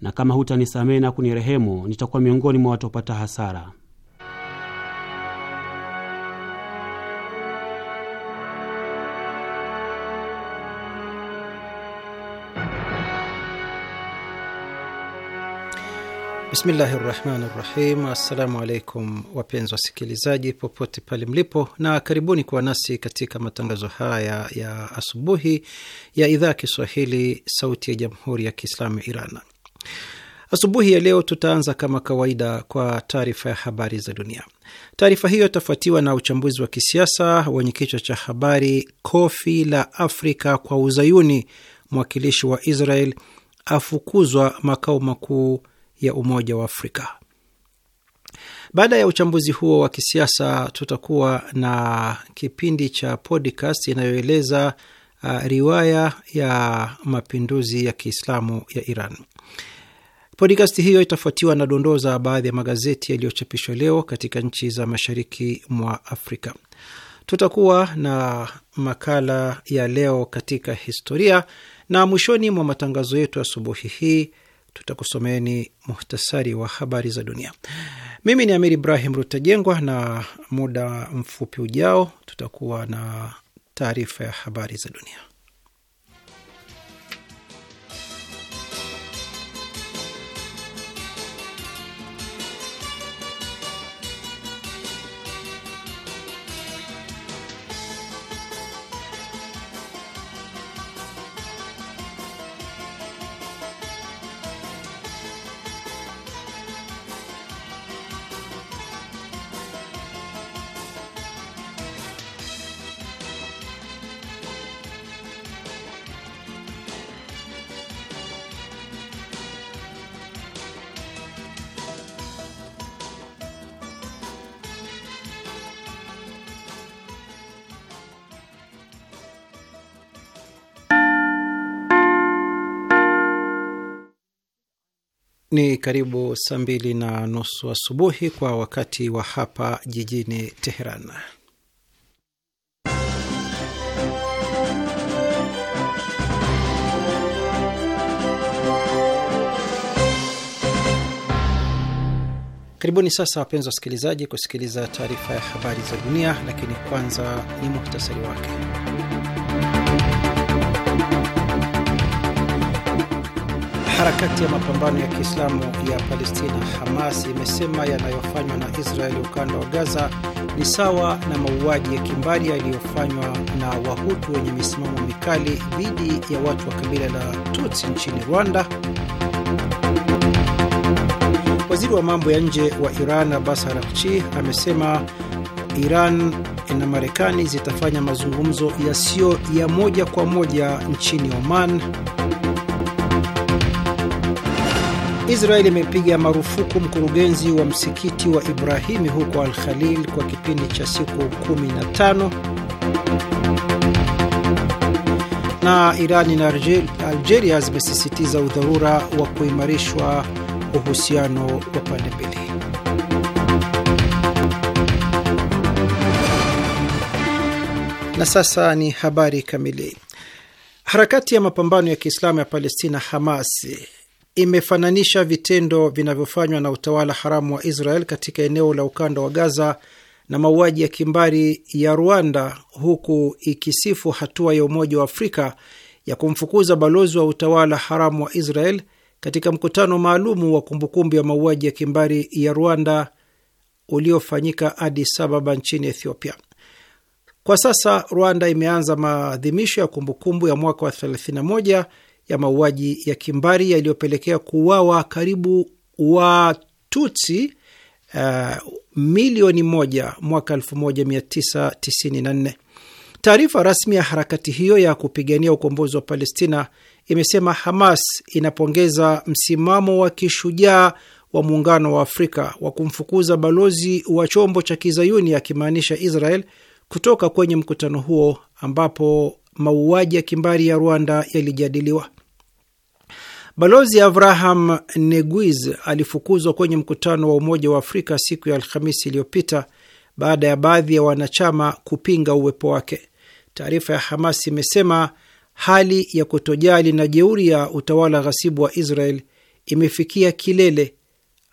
na kama hutanisamehe na kunirehemu nitakuwa miongoni mwa watopata hasara. Bismillahi rahmani rahim. Assalamu alaikum wapenzi wasikilizaji popote pale mlipo, na karibuni kuwa nasi katika matangazo haya ya asubuhi ya idhaa ya Kiswahili sauti ya jamhuri ya Kiislamu ya Iran. Asubuhi ya leo tutaanza kama kawaida kwa taarifa ya habari za dunia. Taarifa hiyo itafuatiwa na uchambuzi wa kisiasa wenye kichwa cha habari kofi la Afrika kwa Uzayuni, mwakilishi wa Israel afukuzwa makao makuu ya Umoja wa Afrika. Baada ya uchambuzi huo wa kisiasa, tutakuwa na kipindi cha podcast inayoeleza uh, riwaya ya mapinduzi ya Kiislamu ya Iran. Podikasti hiyo itafuatiwa na dondoo za baadhi ya magazeti yaliyochapishwa leo katika nchi za mashariki mwa Afrika. Tutakuwa na makala ya leo katika historia, na mwishoni mwa matangazo yetu asubuhi hii tutakusomeeni muhtasari wa habari za dunia. Mimi ni Amir Ibrahim Rutajengwa, na muda mfupi ujao tutakuwa na taarifa ya habari za dunia. Ni karibu saa mbili na nusu asubuhi kwa wakati wa hapa jijini Teheran. Karibuni sasa, wapenzi wasikilizaji, kusikiliza taarifa ya habari za dunia, lakini kwanza ni muhtasari wake. Harakati ya mapambano ya Kiislamu ya Palestina Hamas imesema yanayofanywa na Israeli ukanda wa Gaza ni sawa na mauaji ya kimbari yaliyofanywa na Wahutu wenye misimamo mikali dhidi ya watu wa kabila la Tutsi nchini Rwanda. Waziri wa mambo ya nje wa Iran Abbas Araghchi amesema Iran na Marekani zitafanya mazungumzo yasiyo ya moja kwa moja nchini Oman. Israeli imepiga marufuku mkurugenzi wa msikiti wa Ibrahimi huko Al Khalil kwa kipindi cha siku 15 na Irani na Algeria zimesisitiza udharura wa kuimarishwa uhusiano wa pande mbili. Na sasa ni habari kamili. Harakati ya mapambano ya Kiislamu ya Palestina, Hamas, imefananisha vitendo vinavyofanywa na utawala haramu wa Israel katika eneo la ukanda wa Gaza na mauaji ya kimbari ya Rwanda, huku ikisifu hatua ya Umoja wa Afrika ya kumfukuza balozi wa utawala haramu wa Israel katika mkutano maalumu wa kumbukumbu ya mauaji ya kimbari ya Rwanda uliofanyika Addis Ababa nchini Ethiopia. Kwa sasa Rwanda imeanza maadhimisho ya kumbukumbu ya mwaka wa 31 ya mauaji ya kimbari yaliyopelekea kuuawa karibu Watutsi uh, milioni moja mwaka 1994. Taarifa rasmi ya harakati hiyo ya kupigania ukombozi wa Palestina imesema Hamas inapongeza msimamo wa kishujaa wa Muungano wa Afrika wa kumfukuza balozi wa chombo cha kizayuni akimaanisha Israel kutoka kwenye mkutano huo ambapo mauaji ya kimbari ya Rwanda yalijadiliwa. Balozi Avraham Neguiz alifukuzwa kwenye mkutano wa Umoja wa Afrika siku ya Alhamisi iliyopita baada ya baadhi ya wanachama kupinga uwepo wake. Taarifa ya Hamas imesema hali ya kutojali na jeuri ya utawala ghasibu wa Israel imefikia kilele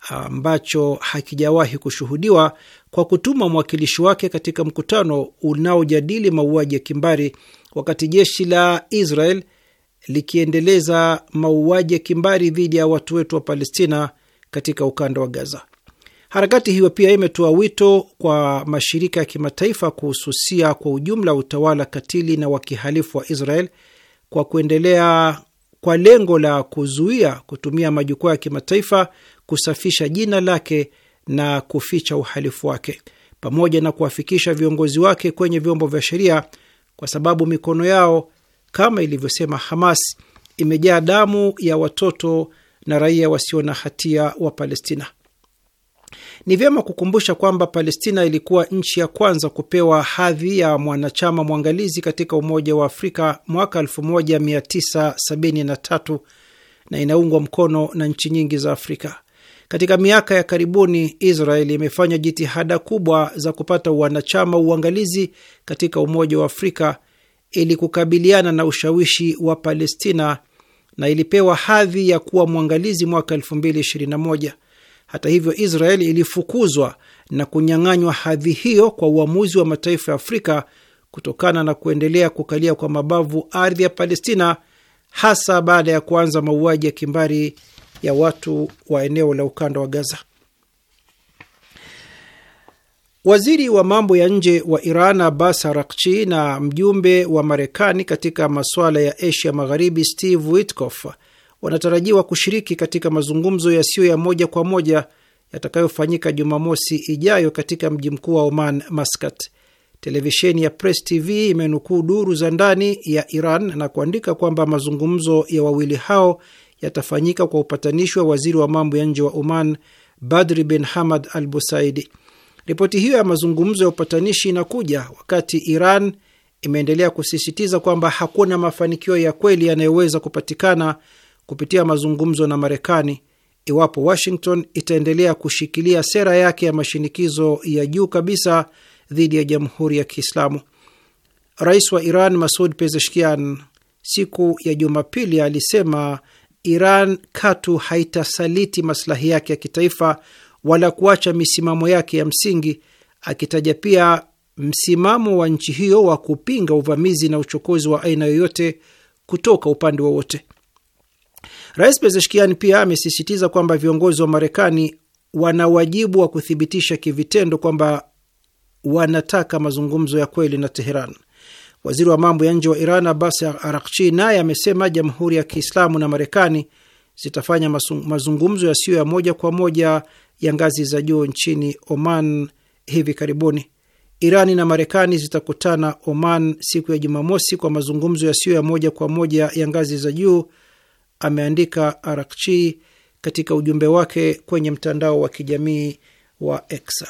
ambacho hakijawahi kushuhudiwa kwa kutuma mwakilishi wake katika mkutano unaojadili mauaji ya kimbari wakati jeshi la Israel likiendeleza mauaji ya kimbari dhidi ya watu wetu wa Palestina katika ukanda wa Gaza. Harakati hiyo pia imetoa wito kwa mashirika ya kimataifa kuhususia kwa ujumla utawala katili na wakihalifu wa Israel kwa kuendelea kwa lengo la kuzuia kutumia majukwaa ya kimataifa kusafisha jina lake na kuficha uhalifu wake, pamoja na kuwafikisha viongozi wake kwenye vyombo vya sheria, kwa sababu mikono yao kama ilivyosema Hamas, imejaa damu ya watoto na raia wasio na hatia wa Palestina. Ni vyema kukumbusha kwamba Palestina ilikuwa nchi ya kwanza kupewa hadhi ya mwanachama mwangalizi katika Umoja wa Afrika mwaka 1973 na inaungwa mkono na nchi nyingi za Afrika. Katika miaka ya karibuni, Israel imefanya jitihada kubwa za kupata wanachama uangalizi katika Umoja wa Afrika ili kukabiliana na ushawishi wa Palestina na ilipewa hadhi ya kuwa mwangalizi mwaka 2021. Hata hivyo, Israel ilifukuzwa na kunyang'anywa hadhi hiyo kwa uamuzi wa mataifa ya Afrika kutokana na kuendelea kukalia kwa mabavu ardhi ya Palestina, hasa baada ya kuanza mauaji ya kimbari ya watu wa eneo la ukanda wa Gaza. Waziri wa mambo ya nje wa Iran Abbas Araghchi na mjumbe wa Marekani katika masuala ya Asia Magharibi Steve Witkoff wanatarajiwa kushiriki katika mazungumzo yasiyo ya moja kwa moja yatakayofanyika Jumamosi ijayo katika mji mkuu wa Oman, Maskat. Televisheni ya Press TV imenukuu duru za ndani ya Iran na kuandika kwamba mazungumzo ya wawili hao yatafanyika kwa upatanishi wa waziri wa mambo ya nje wa Oman Badri bin Hamad al Busaidi. Ripoti hiyo ya mazungumzo ya upatanishi inakuja wakati Iran imeendelea kusisitiza kwamba hakuna mafanikio ya kweli yanayoweza kupatikana kupitia mazungumzo na Marekani iwapo Washington itaendelea kushikilia sera yake ya mashinikizo ya juu kabisa dhidi ya Jamhuri ya Kiislamu. Rais wa Iran Masud Pezeshkian siku ya Jumapili alisema Iran katu haitasaliti maslahi yake ya kitaifa wala kuacha misimamo yake ya msingi, akitaja pia msimamo wa nchi hiyo wa kupinga uvamizi na uchokozi wa aina yoyote kutoka upande wowote. Rais Pezeshkian pia amesisitiza kwamba viongozi wa Marekani wana wajibu wa kuthibitisha kivitendo kwamba wanataka mazungumzo ya kweli na Teheran. Waziri wa mambo ya nje wa Iran Abbas Araghchi naye amesema jamhuri ya Kiislamu na Marekani zitafanya mazungumzo yasiyo ya moja kwa moja ya ngazi za juu nchini Oman hivi karibuni. Irani na Marekani zitakutana Oman siku ya Jumamosi kwa mazungumzo yasiyo ya moja kwa moja ya ngazi za juu, ameandika Arakchi katika ujumbe wake kwenye mtandao wa kijamii wa X.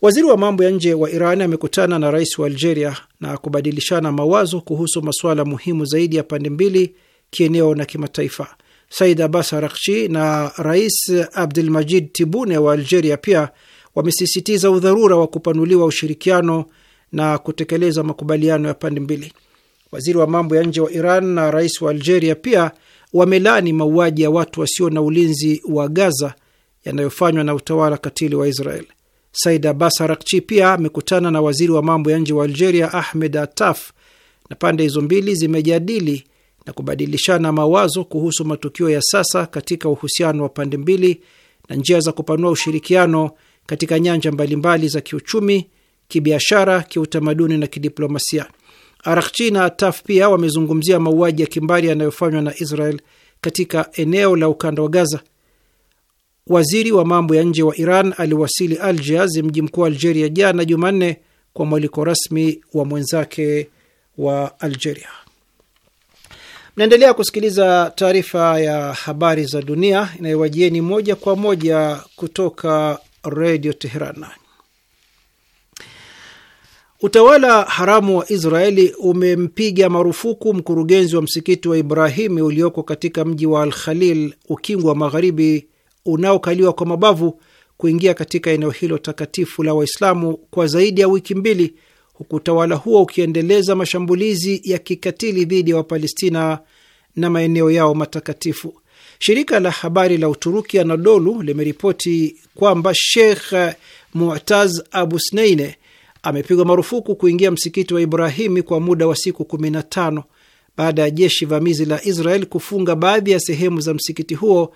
Waziri wa mambo ya nje wa Iran amekutana na rais wa Algeria na kubadilishana mawazo kuhusu masuala muhimu zaidi ya pande mbili, kieneo na kimataifa. Said Abbas Arakchi na Rais majid Tibune wa Algeria pia wamesisitiza udharura wa kupanuliwa ushirikiano na kutekeleza makubaliano ya pande mbili. Waziri wa mambo ya nje wa Iran na rais wa Algeria pia wamelani mauaji ya watu wasio na ulinzi wa Gaza yanayofanywa na utawala katili wa Israel. Said Abbas Arakchi pia amekutana na waziri wa mambo ya nje wa Algeria Ahmed Attaf, na pande hizo mbili zimejadili na kubadilishana mawazo kuhusu matukio ya sasa katika uhusiano wa pande mbili na njia za kupanua ushirikiano katika nyanja mbalimbali za kiuchumi, kibiashara, kiutamaduni na kidiplomasia. Arakchi na Ataf pia wamezungumzia mauaji ya kimbari yanayofanywa na Israel katika eneo la ukanda wa Gaza. Waziri wa mambo ya nje wa Iran aliwasili Algiers, mji mkuu wa Algeria, jana Jumanne, kwa mwaliko rasmi wa mwenzake wa Algeria. Mnaendelea kusikiliza taarifa ya habari za dunia inayowajieni moja kwa moja kutoka redio Teheran. Utawala haramu wa Israeli umempiga marufuku mkurugenzi wa msikiti wa Ibrahimi ulioko katika mji wa Al Khalil, ukingo wa magharibi unaokaliwa kwa mabavu, kuingia katika eneo hilo takatifu la Waislamu kwa zaidi ya wiki mbili huku utawala huo ukiendeleza mashambulizi ya kikatili dhidi ya Wapalestina na maeneo yao matakatifu. Shirika la habari la Uturuki Anadolu limeripoti kwamba Sheikh Mu'taz Abu Sneine amepigwa marufuku kuingia msikiti wa Ibrahimi kwa muda wa siku 15 baada ya jeshi vamizi la Israel kufunga baadhi ya sehemu za msikiti huo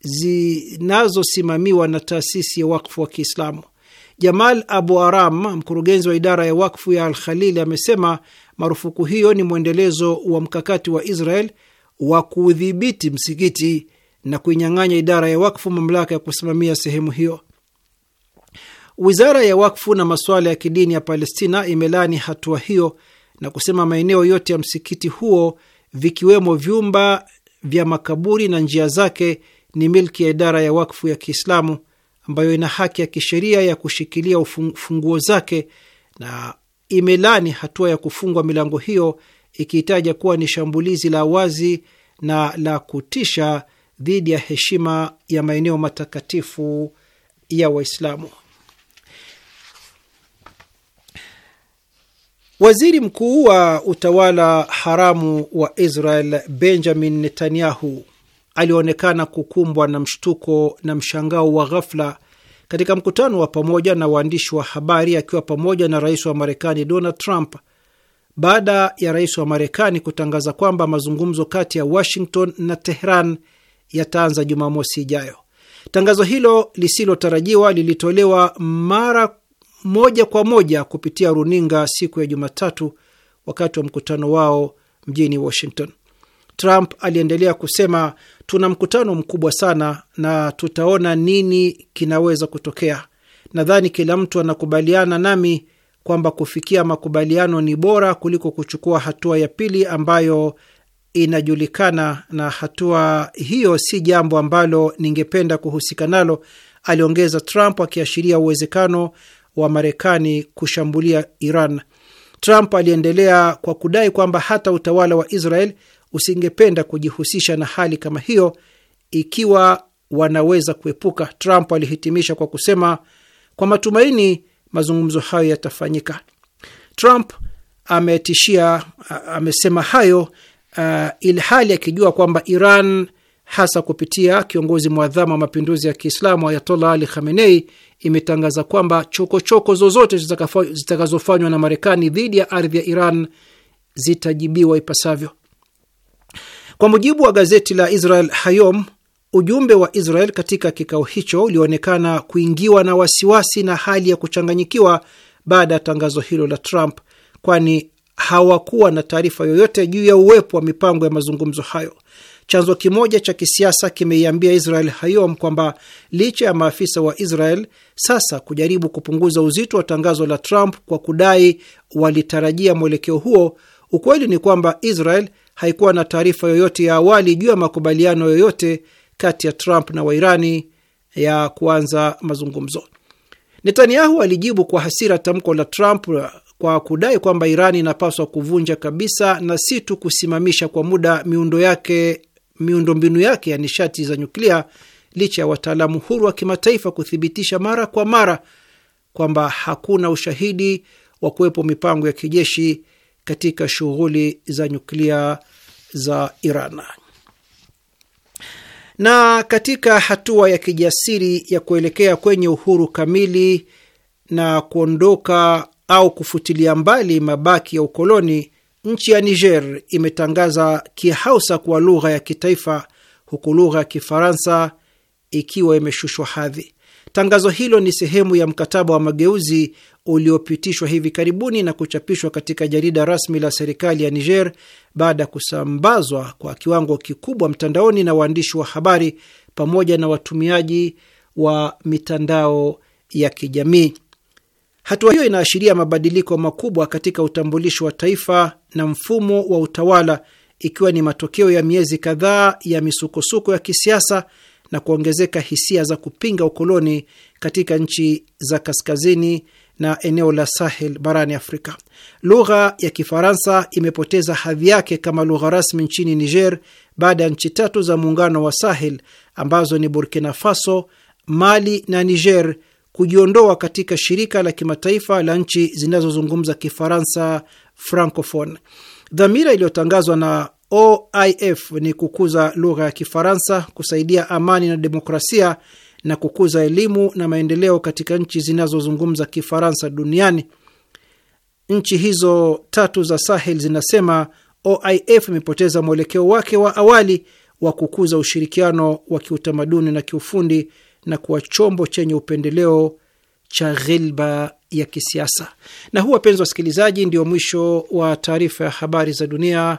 zinazosimamiwa na taasisi ya wakfu wa Kiislamu. Jamal Abu Aram, mkurugenzi wa idara ya wakfu ya Al-Khalili, amesema marufuku hiyo ni mwendelezo wa mkakati wa Israel wa kuudhibiti msikiti na kuinyang'anya idara ya wakfu mamlaka ya kusimamia sehemu hiyo. Wizara ya wakfu na masuala ya kidini ya Palestina imelaani hatua hiyo na kusema maeneo yote ya msikiti huo vikiwemo vyumba vya makaburi na njia zake ni milki ya idara ya wakfu ya Kiislamu ambayo ina haki ya kisheria ya kushikilia ufunguo zake na imelani hatua ya kufungwa milango hiyo ikihitaja kuwa ni shambulizi la wazi na la kutisha dhidi ya heshima ya maeneo matakatifu ya Waislamu. Waziri mkuu wa utawala haramu wa Israel Benjamin Netanyahu alionekana kukumbwa na mshtuko na mshangao wa ghafla katika mkutano wa pamoja na waandishi wa habari akiwa pamoja na rais wa Marekani Donald Trump baada ya rais wa Marekani kutangaza kwamba mazungumzo kati ya Washington na Tehran yataanza Jumamosi ijayo. Tangazo hilo lisilotarajiwa lilitolewa mara moja kwa moja kupitia runinga siku ya Jumatatu wakati wa mkutano wao mjini Washington. Trump aliendelea kusema, tuna mkutano mkubwa sana na tutaona nini kinaweza kutokea. Nadhani kila mtu anakubaliana nami kwamba kufikia makubaliano ni bora kuliko kuchukua hatua ya pili ambayo inajulikana, na hatua hiyo si jambo ambalo ningependa kuhusika nalo, aliongeza Trump akiashiria uwezekano wa Marekani kushambulia Iran. Trump aliendelea kwa kudai kwamba hata utawala wa Israel usingependa kujihusisha na hali kama hiyo ikiwa wanaweza kuepuka, Trump alihitimisha kwa kusema, kwa matumaini mazungumzo hayo yatafanyika. Trump ametishia, amesema hayo uh, ilhali akijua kwamba Iran hasa kupitia kiongozi mwadhama wa mapinduzi ya Kiislamu Ayatollah Ali Khamenei imetangaza kwamba chokochoko zozote zitakazofanywa na Marekani dhidi ya ardhi ya Iran zitajibiwa ipasavyo. Kwa mujibu wa gazeti la Israel Hayom, ujumbe wa Israel katika kikao hicho ulionekana kuingiwa na wasiwasi na hali ya kuchanganyikiwa baada ya tangazo hilo la Trump, kwani hawakuwa na taarifa yoyote juu ya uwepo wa mipango ya mazungumzo hayo. Chanzo kimoja cha kisiasa kimeiambia Israel Hayom kwamba licha ya maafisa wa Israel sasa kujaribu kupunguza uzito wa tangazo la Trump kwa kudai walitarajia mwelekeo huo, ukweli ni kwamba Israel haikuwa na taarifa yoyote ya awali juu ya makubaliano yoyote kati ya Trump na Wairani ya kuanza mazungumzo. Netanyahu alijibu kwa hasira tamko la Trump kwa kudai kwamba Irani inapaswa kuvunja kabisa na si tu kusimamisha kwa muda miundo yake miundombinu yake ya nishati za nyuklia, licha ya wataalamu huru wa kimataifa kuthibitisha mara kwa mara kwamba hakuna ushahidi wa kuwepo mipango ya kijeshi katika shughuli za nyuklia za Iran. Na katika hatua ya kijasiri ya kuelekea kwenye uhuru kamili na kuondoka au kufutilia mbali mabaki ya ukoloni, nchi ya Niger imetangaza Kihausa kuwa lugha ya kitaifa, huku lugha ya Kifaransa ikiwa imeshushwa hadhi. Tangazo hilo ni sehemu ya mkataba wa mageuzi uliopitishwa hivi karibuni na kuchapishwa katika jarida rasmi la serikali ya Niger baada ya kusambazwa kwa kiwango kikubwa mtandaoni na waandishi wa habari pamoja na watumiaji wa mitandao ya kijamii. Hatua hiyo inaashiria mabadiliko makubwa katika utambulisho wa taifa na mfumo wa utawala, ikiwa ni matokeo ya miezi kadhaa ya misukosuko ya kisiasa na kuongezeka hisia za kupinga ukoloni katika nchi za kaskazini na eneo la Sahel barani Afrika. Lugha ya Kifaransa imepoteza hadhi yake kama lugha rasmi nchini Niger baada ya nchi tatu za muungano wa Sahel ambazo ni Burkina Faso, Mali na Niger kujiondoa katika shirika la kimataifa la nchi zinazozungumza Kifaransa, Francophone. Dhamira iliyotangazwa na OIF ni kukuza lugha ya Kifaransa, kusaidia amani na demokrasia, na kukuza elimu na maendeleo katika nchi zinazozungumza Kifaransa duniani. Nchi hizo tatu za Sahel zinasema OIF imepoteza mwelekeo wake wa awali wa kukuza ushirikiano wa kiutamaduni na kiufundi na kuwa chombo chenye upendeleo cha ghilba ya kisiasa. Na huu, wapenzi wasikilizaji, ndio mwisho wa taarifa ya habari za dunia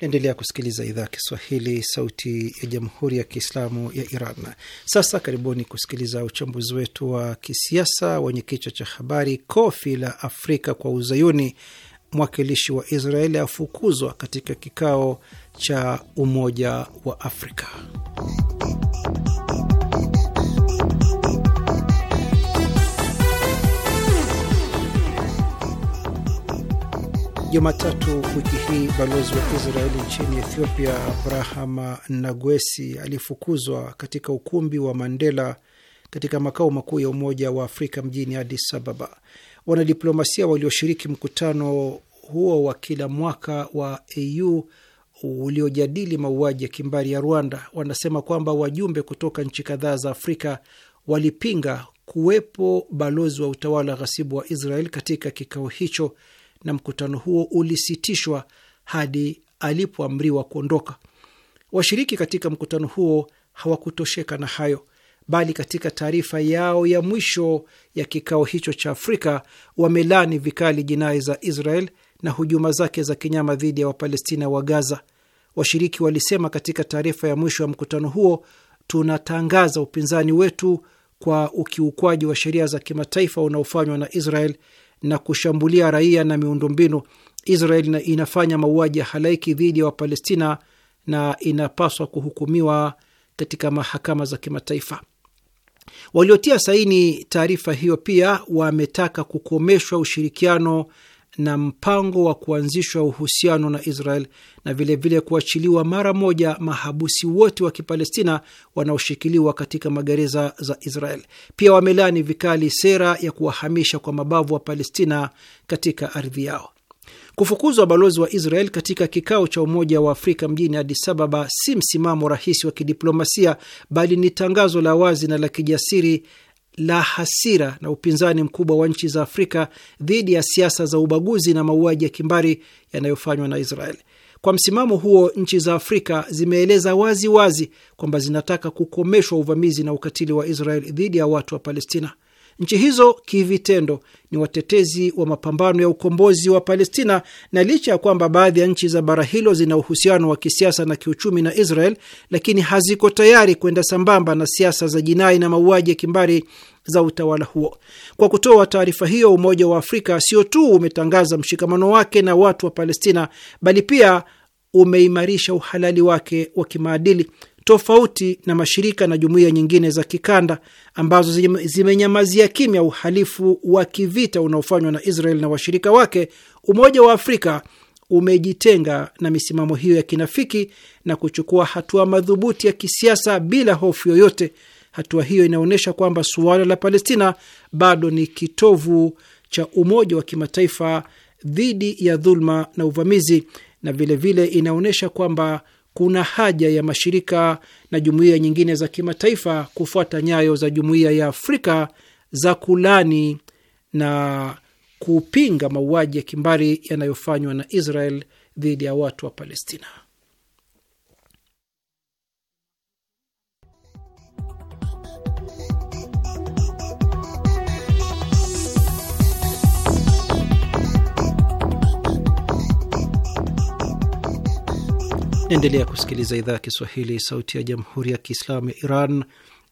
Naendelea kusikiliza idhaa ya Kiswahili, sauti ya jamhuri ya kiislamu ya Iran. Sasa karibuni kusikiliza uchambuzi wetu wa kisiasa wenye kichwa cha habari, kofi la Afrika kwa Uzayuni, mwakilishi wa Israeli afukuzwa katika kikao cha Umoja wa Afrika. Jumatatu wiki hii balozi wa Israeli nchini Ethiopia Abraham Nagwesi alifukuzwa katika ukumbi wa Mandela katika makao makuu ya Umoja wa Afrika mjini Addis Ababa. Wanadiplomasia walioshiriki mkutano huo wa kila mwaka wa AU uliojadili mauaji ya kimbari ya Rwanda wanasema kwamba wajumbe kutoka nchi kadhaa za Afrika walipinga kuwepo balozi wa utawala ghasibu wa Israel katika kikao hicho na mkutano huo ulisitishwa hadi alipoamriwa kuondoka. Washiriki katika mkutano huo hawakutosheka na hayo, bali katika taarifa yao ya mwisho ya kikao hicho cha Afrika wamelani vikali jinai za Israel na hujuma zake za kinyama dhidi ya Wapalestina wa Gaza. Washiriki walisema katika taarifa ya mwisho ya mkutano huo, tunatangaza upinzani wetu kwa ukiukwaji wa sheria za kimataifa unaofanywa na Israel na kushambulia raia na miundombinu, Israel inafanya mauaji ya halaiki dhidi ya Wapalestina na inapaswa kuhukumiwa katika mahakama za kimataifa. Waliotia saini taarifa hiyo pia wametaka kukomeshwa ushirikiano na mpango wa kuanzishwa uhusiano na Israel na vilevile kuachiliwa mara moja mahabusi wote wa Kipalestina wanaoshikiliwa katika magereza za Israel. Pia wamelani vikali sera ya kuwahamisha kwa mabavu wa Palestina katika ardhi yao. Kufukuzwa balozi wa Israel katika kikao cha Umoja wa Afrika mjini Addis Ababa si msimamo rahisi wa kidiplomasia, bali ni tangazo la wazi na la kijasiri la hasira na upinzani mkubwa wa nchi za Afrika dhidi ya siasa za ubaguzi na mauaji ya kimbari yanayofanywa na Israeli. Kwa msimamo huo, nchi za Afrika zimeeleza wazi wazi kwamba zinataka kukomeshwa uvamizi na ukatili wa Israeli dhidi ya watu wa Palestina. Nchi hizo kivitendo ni watetezi wa mapambano ya ukombozi wa Palestina, na licha ya kwamba baadhi ya nchi za bara hilo zina uhusiano wa kisiasa na kiuchumi na Israel, lakini haziko tayari kwenda sambamba na siasa za jinai na mauaji ya kimbari za utawala huo. Kwa kutoa taarifa hiyo, Umoja wa Afrika sio tu umetangaza mshikamano wake na watu wa Palestina, bali pia umeimarisha uhalali wake wa kimaadili tofauti na mashirika na jumuiya nyingine za kikanda ambazo zimenyamazia kimya uhalifu wa kivita unaofanywa na Israel na washirika wake, Umoja wa Afrika umejitenga na misimamo hiyo ya kinafiki na kuchukua hatua madhubuti ya kisiasa bila hofu yoyote. Hatua hiyo inaonyesha kwamba suala la Palestina bado ni kitovu cha umoja wa kimataifa dhidi ya dhuluma na uvamizi, na vilevile inaonyesha kwamba kuna haja ya mashirika na jumuiya nyingine za kimataifa kufuata nyayo za jumuiya ya Afrika za kulani na kupinga mauaji ya kimbari yanayofanywa na Israel dhidi ya watu wa Palestina. Naendelea kusikiliza idhaa ya Kiswahili, sauti ya jamhuri ya kiislamu ya Iran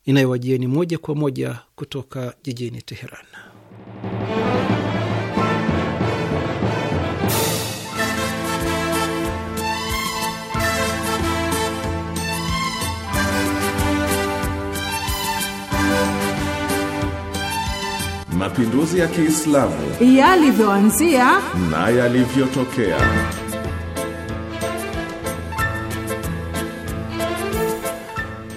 inayowajieni moja kwa moja kutoka jijini Teheran. Mapinduzi ya Kiislamu yalivyoanzia na yalivyotokea.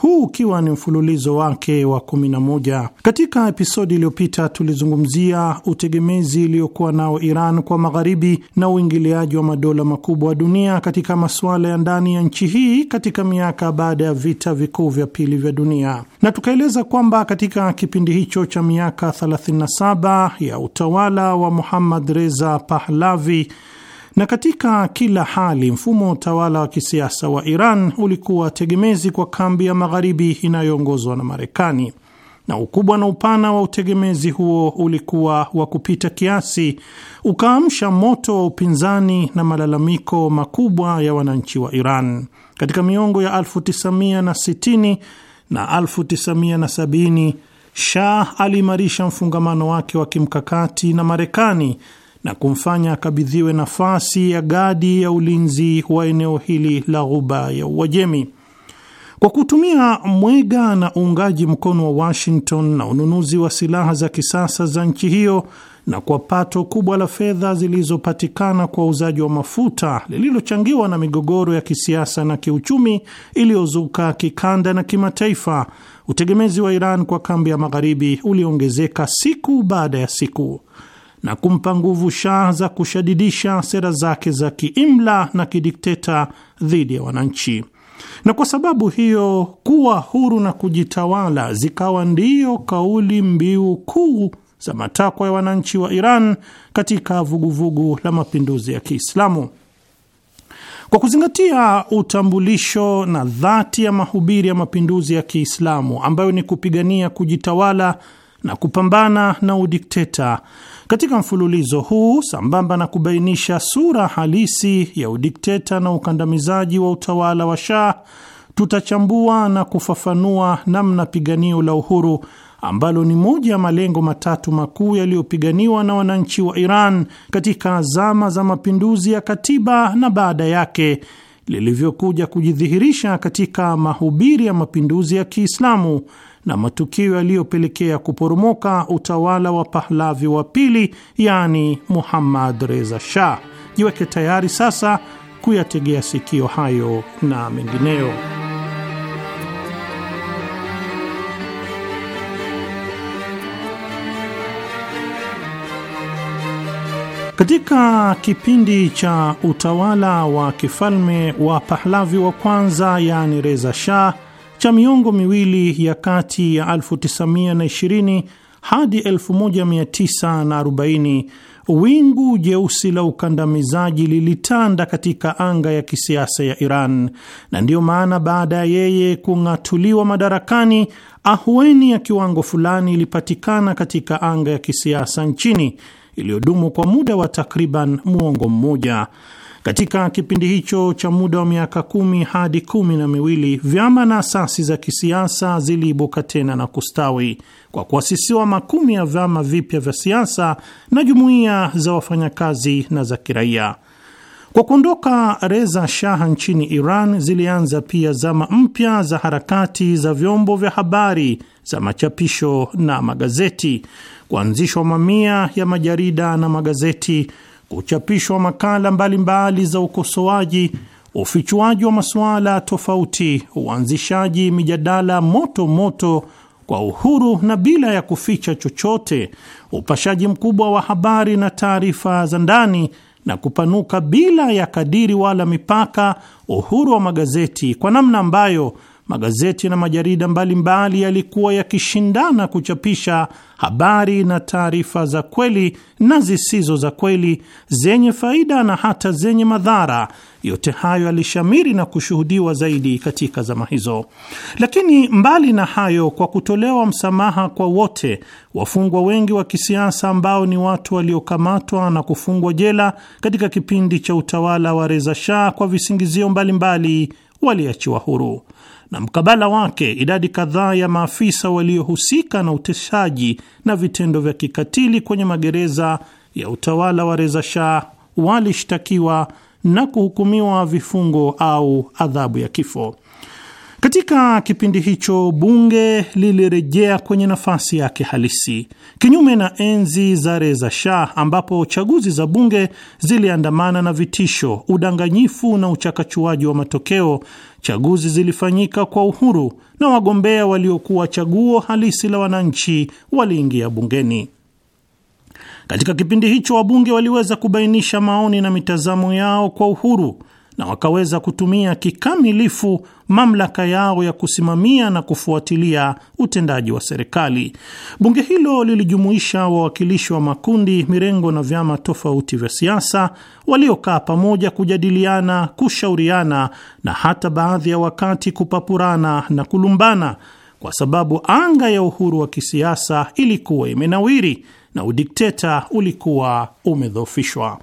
huu ukiwa ni mfululizo wake wa 11. Katika episodi iliyopita tulizungumzia utegemezi iliyokuwa nao Iran kwa magharibi na uingiliaji wa madola makubwa wa dunia katika masuala ya ndani ya nchi hii katika miaka baada ya vita vikuu vya pili vya dunia, na tukaeleza kwamba katika kipindi hicho cha miaka 37 ya utawala wa Muhammad Reza Pahlavi na katika kila hali mfumo wa utawala wa kisiasa wa Iran ulikuwa tegemezi kwa kambi ya magharibi inayoongozwa na Marekani, na ukubwa na upana wa utegemezi huo ulikuwa wa kupita kiasi, ukaamsha moto wa upinzani na malalamiko makubwa ya wananchi wa Iran. Katika miongo ya 1960 na 1970 Shah aliimarisha mfungamano wake wa kimkakati na Marekani na kumfanya akabidhiwe nafasi ya gadi ya ulinzi wa eneo hili la ghuba ya Uajemi. Kwa kutumia mwega na uungaji mkono wa Washington na ununuzi wa silaha za kisasa za nchi hiyo na kwa pato kubwa la fedha zilizopatikana kwa uuzaji wa mafuta lililochangiwa na migogoro ya kisiasa na kiuchumi iliyozuka kikanda na kimataifa, utegemezi wa Iran kwa kambi ya magharibi uliongezeka siku baada ya siku na kumpa nguvu Shah za kushadidisha sera zake za kiimla na kidikteta dhidi ya wananchi, na kwa sababu hiyo kuwa huru na kujitawala zikawa ndiyo kauli mbiu kuu za matakwa ya wananchi wa Iran katika vuguvugu vugu la mapinduzi ya Kiislamu. Kwa kuzingatia utambulisho na dhati ya mahubiri ya mapinduzi ya Kiislamu ambayo ni kupigania kujitawala na kupambana na udikteta, katika mfululizo huu, sambamba na kubainisha sura halisi ya udikteta na ukandamizaji wa utawala wa Shah, tutachambua na kufafanua namna piganio la uhuru ambalo ni moja ya malengo matatu makuu yaliyopiganiwa na wananchi wa Iran katika zama za mapinduzi ya katiba na baada yake lilivyokuja kujidhihirisha katika mahubiri ya mapinduzi ya Kiislamu na matukio yaliyopelekea kuporomoka utawala wa Pahlavi wa pili, yaani Muhammad Reza Shah. Jiweke tayari sasa kuyategea sikio hayo na mengineyo. Katika kipindi cha utawala wa kifalme wa Pahlavi wa kwanza, yani Reza Shah cha miongo miwili ya kati ya 1920 hadi 1940 wingu jeusi la ukandamizaji lilitanda katika anga ya kisiasa ya Iran, na ndiyo maana baada ya yeye kung'atuliwa madarakani, ahueni ya kiwango fulani ilipatikana katika anga ya kisiasa nchini iliyodumu kwa muda wa takriban muongo mmoja. Katika kipindi hicho cha muda wa miaka kumi hadi kumi na miwili, vyama na asasi za kisiasa ziliibuka tena na kustawi kwa kuasisiwa makumi ya vyama vipya vya siasa na jumuiya za wafanyakazi na za kiraia. Kwa kuondoka Reza Shah nchini Iran, zilianza pia zama mpya za harakati za vyombo vya habari za machapisho na magazeti, kuanzishwa mamia ya majarida na magazeti kuchapishwa makala mbalimbali mbali za ukosoaji, ufichuaji wa masuala tofauti, uanzishaji mijadala moto moto kwa uhuru na bila ya kuficha chochote, upashaji mkubwa wa habari na taarifa za ndani na kupanuka bila ya kadiri wala mipaka uhuru wa magazeti kwa namna ambayo magazeti na majarida mbalimbali yalikuwa yakishindana kuchapisha habari na taarifa za kweli na zisizo za kweli, zenye faida na hata zenye madhara. Yote hayo yalishamiri na kushuhudiwa zaidi katika zama hizo. Lakini mbali na hayo, kwa kutolewa msamaha kwa wote, wafungwa wengi wa kisiasa ambao ni watu waliokamatwa na kufungwa jela katika kipindi cha utawala wa Reza Shah kwa visingizio mbalimbali, waliachiwa huru na mkabala wake idadi kadhaa ya maafisa waliohusika na uteshaji na vitendo vya kikatili kwenye magereza ya utawala wa Reza Shah walishtakiwa na kuhukumiwa vifungo au adhabu ya kifo. Katika kipindi hicho bunge lilirejea kwenye nafasi yake halisi, kinyume na enzi za Reza Shah ambapo chaguzi za bunge ziliandamana na vitisho, udanganyifu na uchakachuaji wa matokeo. Chaguzi zilifanyika kwa uhuru na wagombea waliokuwa chaguo halisi la wananchi waliingia bungeni. Katika kipindi hicho wabunge waliweza kubainisha maoni na mitazamo yao kwa uhuru na wakaweza kutumia kikamilifu mamlaka yao ya kusimamia na kufuatilia utendaji wa serikali. Bunge hilo lilijumuisha wawakilishi wa makundi, mirengo na vyama tofauti vya siasa waliokaa pamoja kujadiliana, kushauriana na hata baadhi ya wakati kupapurana na kulumbana, kwa sababu anga ya uhuru wa kisiasa ilikuwa imenawiri na udikteta ulikuwa umedhoofishwa.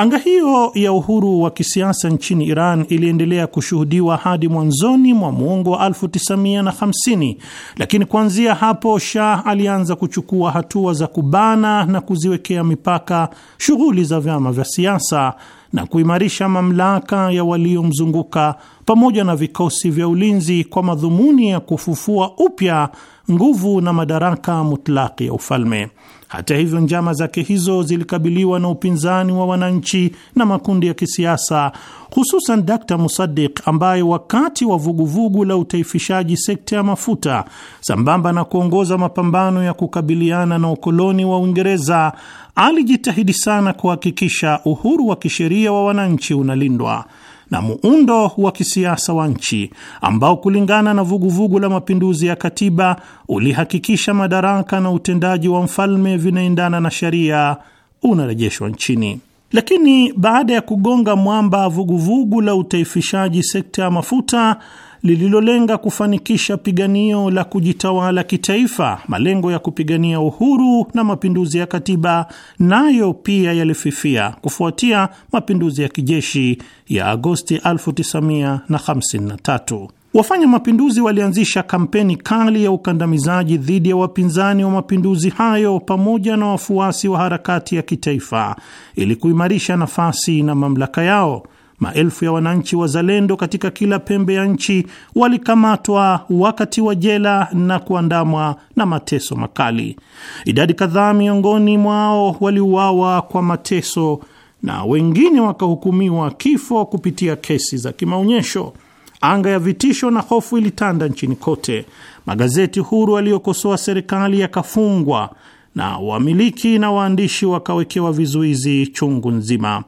Anga hiyo ya uhuru wa kisiasa nchini Iran iliendelea kushuhudiwa hadi mwanzoni mwa muongo wa 1950, lakini kuanzia hapo Shah alianza kuchukua hatua za kubana na kuziwekea mipaka shughuli za vyama vya siasa na kuimarisha mamlaka ya waliomzunguka pamoja na vikosi vya ulinzi kwa madhumuni ya kufufua upya nguvu na madaraka mutlaki ya ufalme. Hata hivyo, njama zake hizo zilikabiliwa na upinzani wa wananchi na makundi ya kisiasa, hususan Dkt. Musadik ambaye wakati wa vuguvugu la utaifishaji sekta ya mafuta sambamba na kuongoza mapambano ya kukabiliana na ukoloni wa Uingereza alijitahidi sana kuhakikisha uhuru wa kisheria wa wananchi unalindwa na muundo wa kisiasa wa nchi ambao kulingana na vuguvugu vugu la mapinduzi ya katiba ulihakikisha madaraka na utendaji wa mfalme vinaendana na sheria unarejeshwa nchini. Lakini baada ya kugonga mwamba vuguvugu vugu la utaifishaji sekta ya mafuta lililolenga kufanikisha piganio la kujitawala kitaifa, malengo ya kupigania uhuru na mapinduzi ya katiba nayo pia yalififia kufuatia mapinduzi ya kijeshi ya Agosti 1953. Wafanya mapinduzi walianzisha kampeni kali ya ukandamizaji dhidi ya wapinzani wa mapinduzi hayo pamoja na wafuasi wa harakati ya kitaifa ili kuimarisha nafasi na mamlaka yao. Maelfu ya wananchi wazalendo katika kila pembe ya nchi walikamatwa, wakatiwa jela na kuandamwa na mateso makali. Idadi kadhaa miongoni mwao waliuawa kwa mateso na wengine wakahukumiwa kifo kupitia kesi za kimaonyesho. Anga ya vitisho na hofu ilitanda nchini kote. Magazeti huru aliyokosoa serikali yakafungwa na wamiliki na waandishi wakawekewa vizuizi chungu nzima.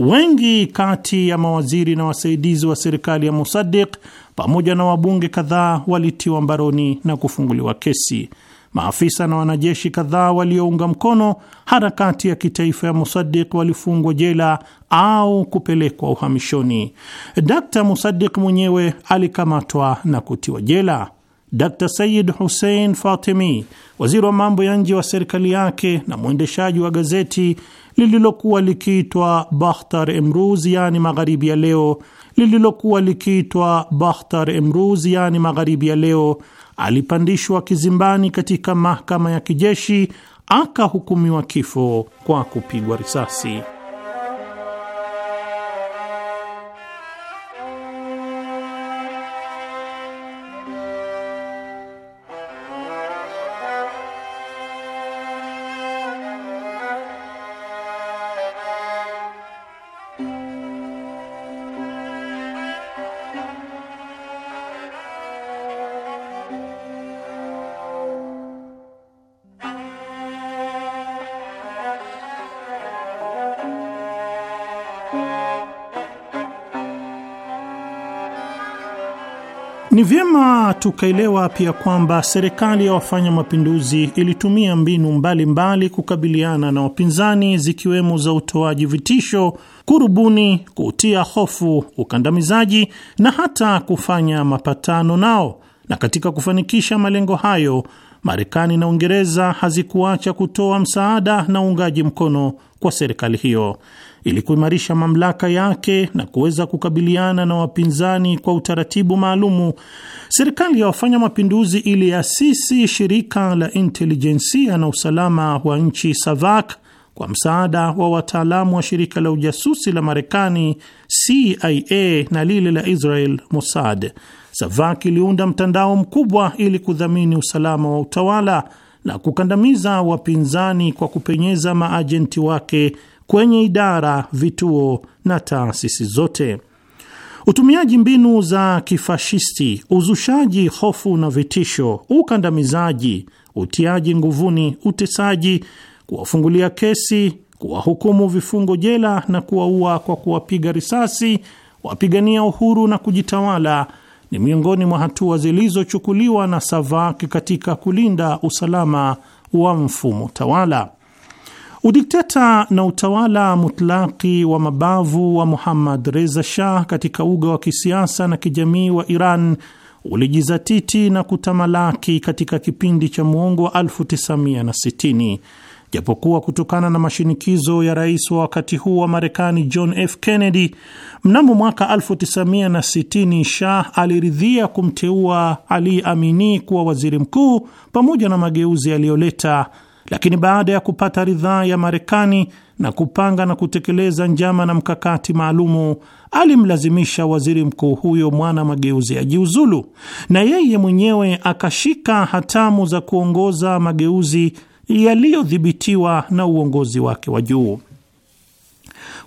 Wengi kati ya mawaziri na wasaidizi wa serikali ya Musadik pamoja na wabunge kadhaa walitiwa mbaroni na kufunguliwa kesi. Maafisa na wanajeshi kadhaa waliounga mkono harakati ya kitaifa ya Musadik walifungwa jela au kupelekwa uhamishoni. Dkt Musadik mwenyewe alikamatwa na kutiwa jela. Dr Sayid Hussein Fatimi, waziri wa mambo ya nje wa serikali yake na mwendeshaji wa gazeti lililokuwa likiitwa Bakhtar Emruz, yani Magharibi ya Leo, lililokuwa likiitwa Bakhtar Emruz, yani Magharibi ya Leo, alipandishwa kizimbani katika mahakama ya kijeshi akahukumiwa kifo kwa kupigwa risasi. Ni vyema tukaelewa pia kwamba serikali ya wafanya mapinduzi ilitumia mbinu mbalimbali mbali kukabiliana na wapinzani, zikiwemo za utoaji vitisho, kurubuni, kutia hofu, ukandamizaji na hata kufanya mapatano nao, na katika kufanikisha malengo hayo Marekani na Uingereza hazikuacha kutoa msaada na uungaji mkono kwa serikali hiyo ili kuimarisha mamlaka yake na kuweza kukabiliana na wapinzani kwa utaratibu maalumu. Serikali ya wafanya mapinduzi iliasisi shirika la intelijensia na usalama wa nchi SAVAK kwa msaada wa wataalamu wa shirika la ujasusi la Marekani CIA na lile la Israel Mossad Savak iliunda mtandao mkubwa ili kudhamini usalama wa utawala na kukandamiza wapinzani kwa kupenyeza maajenti wake kwenye idara, vituo na taasisi zote. Utumiaji mbinu za kifashisti, uzushaji hofu na vitisho, ukandamizaji, utiaji nguvuni, utesaji, kuwafungulia kesi, kuwahukumu vifungo jela na kuwaua kwa kuwapiga risasi wapigania uhuru na kujitawala ni miongoni mwa hatua zilizochukuliwa na SAVAK katika kulinda usalama wa mfumo tawala. Udikteta na utawala mutlaki wa mabavu wa Muhammad Reza Shah katika uga wa kisiasa na kijamii wa Iran ulijizatiti na kutamalaki katika kipindi cha muongo wa 1960 japokuwa kutokana na mashinikizo ya rais wa wakati huu wa Marekani John F Kennedy, mnamo mwaka 1960 Shah aliridhia kumteua Ali Amini kuwa waziri mkuu pamoja na mageuzi yaliyoleta, lakini baada ya kupata ridhaa ya Marekani na kupanga na kutekeleza njama na mkakati maalumu, alimlazimisha waziri mkuu huyo mwana mageuzi ajiuzulu, na yeye mwenyewe akashika hatamu za kuongoza mageuzi yaliyodhibitiwa na uongozi wake wa juu.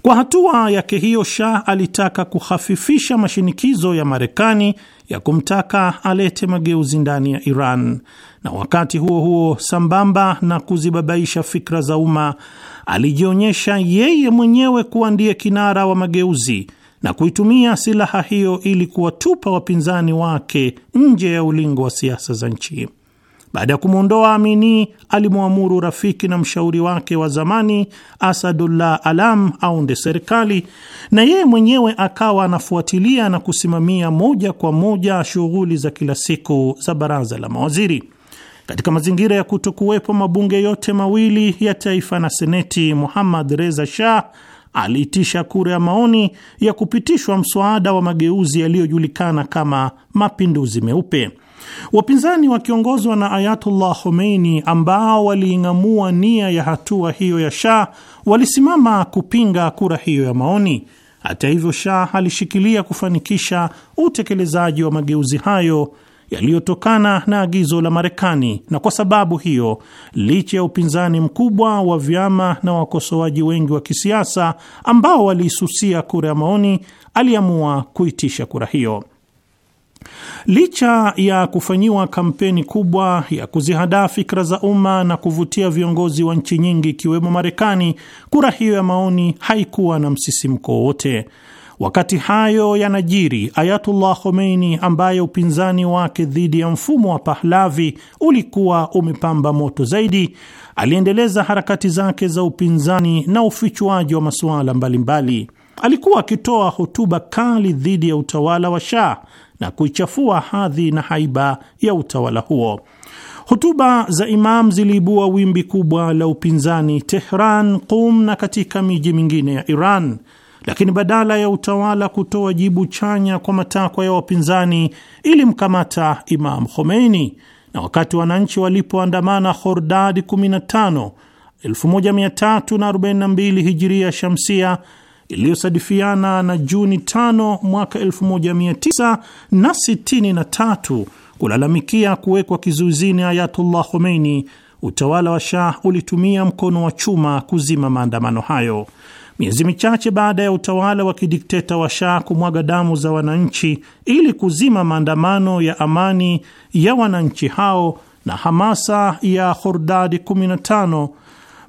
Kwa hatua yake hiyo, Shah alitaka kuhafifisha mashinikizo ya Marekani ya kumtaka alete mageuzi ndani ya Iran, na wakati huo huo, sambamba na kuzibabaisha fikra za umma, alijionyesha yeye mwenyewe kuwa ndiye kinara wa mageuzi na kuitumia silaha hiyo ili kuwatupa wapinzani wake nje ya ulingo wa siasa za nchi. Baada ya kumwondoa Amini, alimwamuru rafiki na mshauri wake wa zamani Asadullah Alam aunde serikali, na yeye mwenyewe akawa anafuatilia na kusimamia moja kwa moja shughuli za kila siku za baraza la mawaziri. Katika mazingira ya kutokuwepo mabunge yote mawili ya taifa na seneti, Muhammad Reza Shah aliitisha kura ya maoni ya kupitishwa mswada wa mageuzi yaliyojulikana kama mapinduzi meupe. Wapinzani wakiongozwa na Ayatullah Khomeini ambao waliing'amua nia ya hatua hiyo ya Shah walisimama kupinga kura hiyo ya maoni. Hata hivyo, Shah alishikilia kufanikisha utekelezaji wa mageuzi hayo yaliyotokana na agizo la Marekani, na kwa sababu hiyo, licha ya upinzani mkubwa wa vyama na wakosoaji wengi wa kisiasa ambao waliisusia kura ya maoni, aliamua kuitisha kura hiyo. Licha ya kufanyiwa kampeni kubwa ya kuzihadaa fikra za umma na kuvutia viongozi wa nchi nyingi ikiwemo Marekani, kura hiyo ya maoni haikuwa na msisimko wowote. Wakati hayo yanajiri, Ayatullah Khomeini ambaye upinzani wake dhidi ya mfumo wa Pahlavi ulikuwa umepamba moto zaidi, aliendeleza harakati zake za upinzani na ufichuaji wa masuala mbalimbali. Alikuwa akitoa hotuba kali dhidi ya utawala wa Shah na kuichafua hadhi na haiba ya utawala huo. Hotuba za Imam ziliibua wimbi kubwa la upinzani Tehran, Qum na katika miji mingine ya Iran, lakini badala ya utawala kutoa jibu chanya kwa matakwa ya wapinzani, ilimkamata Imam Khomeini, na wakati wananchi walipoandamana Khordad 15 1342 hijiria shamsia iliyosadifiana na Juni 5 mwaka 1963 kulalamikia kuwekwa kizuizini Ayatullah Khomeini, utawala wa Shah ulitumia mkono wa chuma kuzima maandamano hayo. Miezi michache baada ya utawala wa kidikteta wa Shah kumwaga damu za wananchi ili kuzima maandamano ya amani ya wananchi hao na hamasa ya Hordadi 15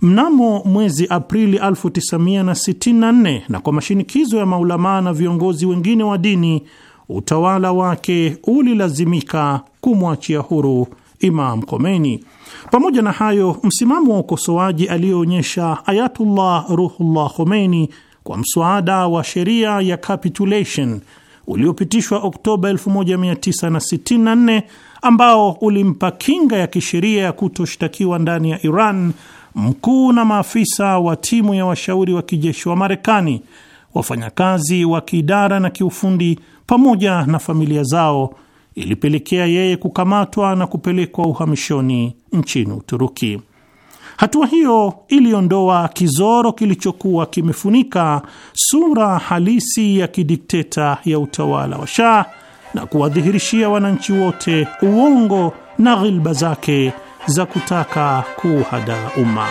Mnamo mwezi Aprili 1964 na kwa mashinikizo ya maulamaa na viongozi wengine wa dini, utawala wake ulilazimika kumwachia huru Imam Khomeini. Pamoja na hayo, msimamo wa ukosoaji aliyoonyesha Ayatullah Ruhullah Khomeini kwa mswada wa sheria ya capitulation uliopitishwa Oktoba 1964 ambao ulimpa kinga ya kisheria ya kutoshtakiwa ndani ya Iran mkuu na maafisa wa timu ya washauri wa kijeshi wa Marekani, wafanyakazi wa kiidara na kiufundi, pamoja na familia zao, ilipelekea yeye kukamatwa na kupelekwa uhamishoni nchini Uturuki. Hatua hiyo iliondoa kizoro kilichokuwa kimefunika sura halisi ya kidikteta ya utawala wa Shah na kuwadhihirishia wananchi wote uongo na ghilba zake za kutaka kuuhadaa umma.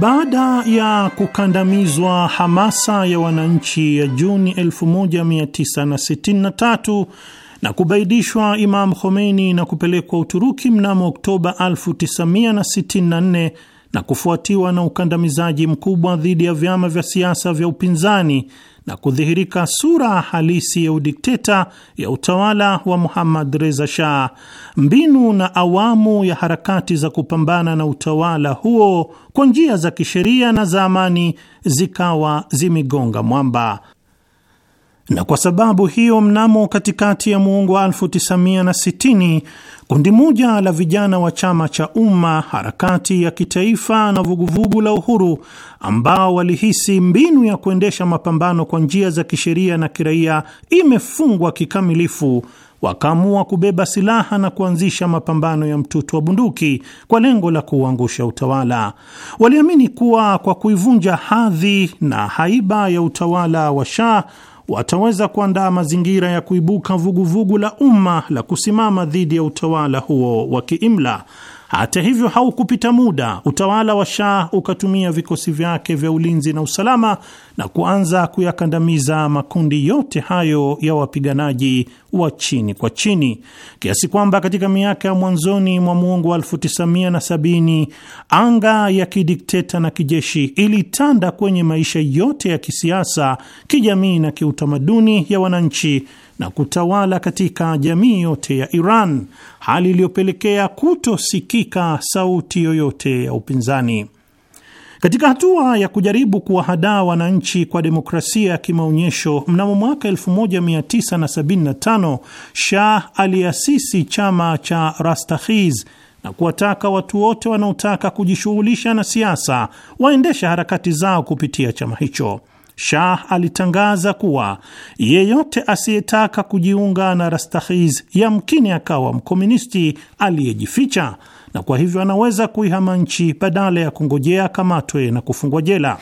Baada ya kukandamizwa hamasa ya wananchi ya Juni 1963 na kubaidishwa Imam Khomeini na kupelekwa Uturuki mnamo Oktoba 1964 na kufuatiwa na ukandamizaji mkubwa dhidi ya vyama vya siasa vya upinzani na kudhihirika sura halisi ya udikteta ya utawala wa Muhammad Reza Shah, mbinu na awamu ya harakati za kupambana na utawala huo kwa njia za kisheria na za amani zikawa zimegonga mwamba na kwa sababu hiyo mnamo katikati ya muongo wa 1960 kundi moja la vijana wa chama cha Umma, harakati ya kitaifa na vuguvugu la Uhuru, ambao walihisi mbinu ya kuendesha mapambano kwa njia za kisheria na kiraia imefungwa kikamilifu, wakaamua kubeba silaha na kuanzisha mapambano ya mtutu wa bunduki kwa lengo la kuuangusha utawala. Waliamini kuwa kwa kuivunja hadhi na haiba ya utawala wa Shah wataweza kuandaa mazingira ya kuibuka vuguvugu vugu la umma la kusimama dhidi ya utawala huo wa kiimla hata hivyo, haukupita muda, utawala wa Shah ukatumia vikosi vyake vya ulinzi na usalama na kuanza kuyakandamiza makundi yote hayo ya wapiganaji wa chini kwa chini, kiasi kwamba katika miaka ya mwanzoni mwa muongo wa 1970 anga ya kidikteta na kijeshi ilitanda kwenye maisha yote ya kisiasa, kijamii na kiutamaduni ya wananchi na kutawala katika jamii yote ya Iran, hali iliyopelekea kutosikika sauti yoyote ya upinzani. Katika hatua ya kujaribu kuwahadaa wananchi kwa demokrasia ya kimaonyesho, mnamo mwaka 1975 Shah aliasisi chama cha Rastakhiz na kuwataka watu wote wanaotaka kujishughulisha na siasa waendesha harakati zao kupitia chama hicho. Shah alitangaza kuwa yeyote asiyetaka kujiunga na Rastakhiz yamkini akawa mkomunisti aliyejificha, na kwa hivyo anaweza kuihama nchi badala ya kungojea kamatwe na kufungwa jela.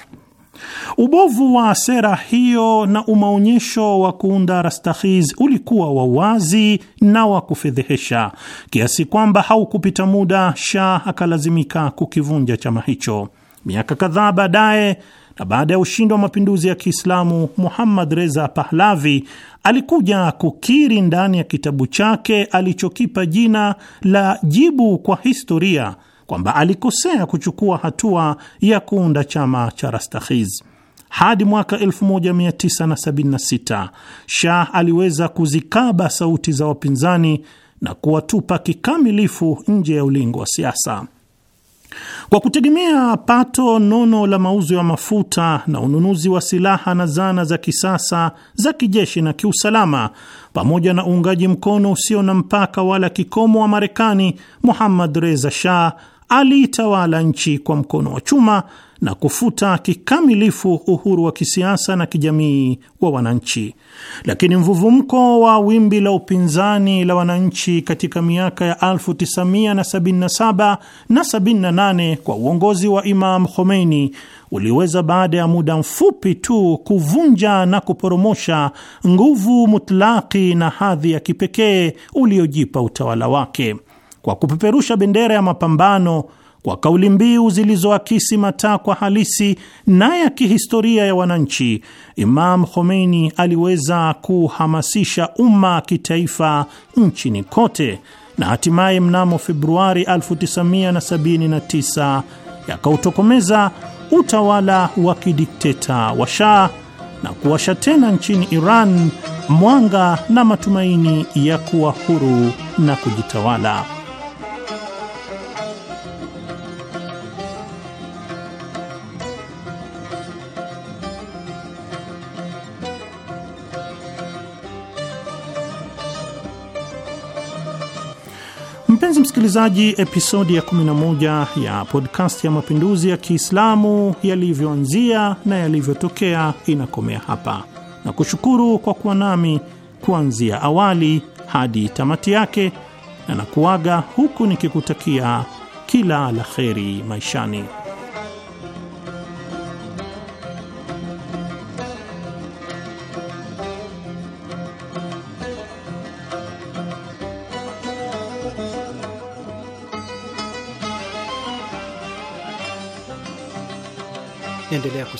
Ubovu wa sera hiyo na umaonyesho wa kuunda Rastakhiz ulikuwa wa wazi na wa kufedhehesha kiasi kwamba haukupita muda, Shah akalazimika kukivunja chama hicho. Miaka kadhaa baadaye na baada ya ushindi wa mapinduzi ya Kiislamu, Muhammad Reza Pahlavi alikuja kukiri ndani ya kitabu chake alichokipa jina la Jibu kwa Historia kwamba alikosea kuchukua hatua ya kuunda chama cha Rastakhiz. Hadi mwaka 1976 Shah aliweza kuzikaba sauti za wapinzani na kuwatupa kikamilifu nje ya ulingo wa siasa. Kwa kutegemea pato nono la mauzo ya mafuta na ununuzi wa silaha na zana za kisasa za kijeshi na kiusalama, pamoja na uungaji mkono usio na mpaka wala kikomo wa Marekani, Muhammad Reza Shah aliitawala nchi kwa mkono wa chuma na kufuta kikamilifu uhuru wa kisiasa na kijamii wa wananchi. Lakini mvuvumko wa wimbi la upinzani la wananchi katika miaka ya 1977 na 78 kwa uongozi wa Imam Khomeini uliweza baada ya muda mfupi tu kuvunja na kuporomosha nguvu mutlaki na hadhi ya kipekee uliojipa utawala wake kwa kupeperusha bendera ya mapambano kwa kauli mbiu zilizoakisi matakwa halisi na ya kihistoria ya wananchi, Imam Khomeini aliweza kuhamasisha umma kitaifa nchini kote, na hatimaye mnamo Februari 1979 yakautokomeza utawala wa kidikteta wa Shah na kuwasha tena nchini Iran mwanga na matumaini ya kuwa huru na kujitawala. Mpenzi msikilizaji, episodi ya 11 ya podcast ya mapinduzi ya Kiislamu yalivyoanzia na yalivyotokea inakomea hapa, na kushukuru kwa kuwa nami kuanzia awali hadi tamati yake, na nakuaga huku nikikutakia kila la kheri maishani.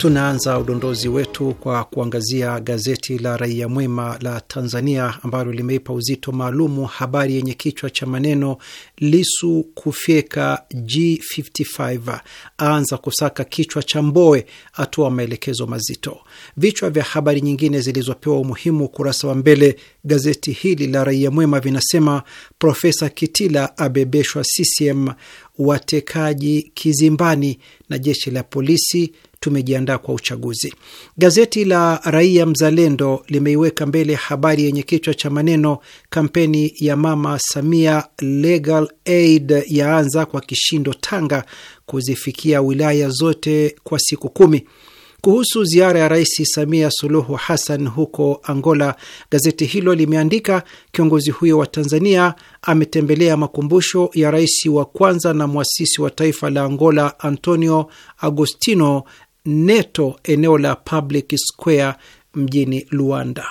Tunaanza udondozi wetu kwa kuangazia gazeti la Raia Mwema la Tanzania ambalo limeipa uzito maalumu habari yenye kichwa cha maneno Lisu kufyeka G55, aanza kusaka kichwa cha Mbowe, atoa maelekezo mazito. Vichwa vya habari nyingine zilizopewa umuhimu ukurasa wa mbele gazeti hili la Raia Mwema vinasema: Profesa Kitila abebeshwa CCM, watekaji kizimbani, na jeshi la polisi tumejiandaa kwa uchaguzi. Gazeti la Raia Mzalendo limeiweka mbele habari yenye kichwa cha maneno kampeni ya Mama Samia Legal Aid yaanza kwa kishindo Tanga kuzifikia wilaya zote kwa siku kumi. Kuhusu ziara ya Rais Samia Suluhu Hassan huko Angola, gazeti hilo limeandika, kiongozi huyo wa Tanzania ametembelea makumbusho ya rais wa kwanza na mwasisi wa taifa la Angola, Antonio Agostino neto eneo la Public Square mjini Luanda.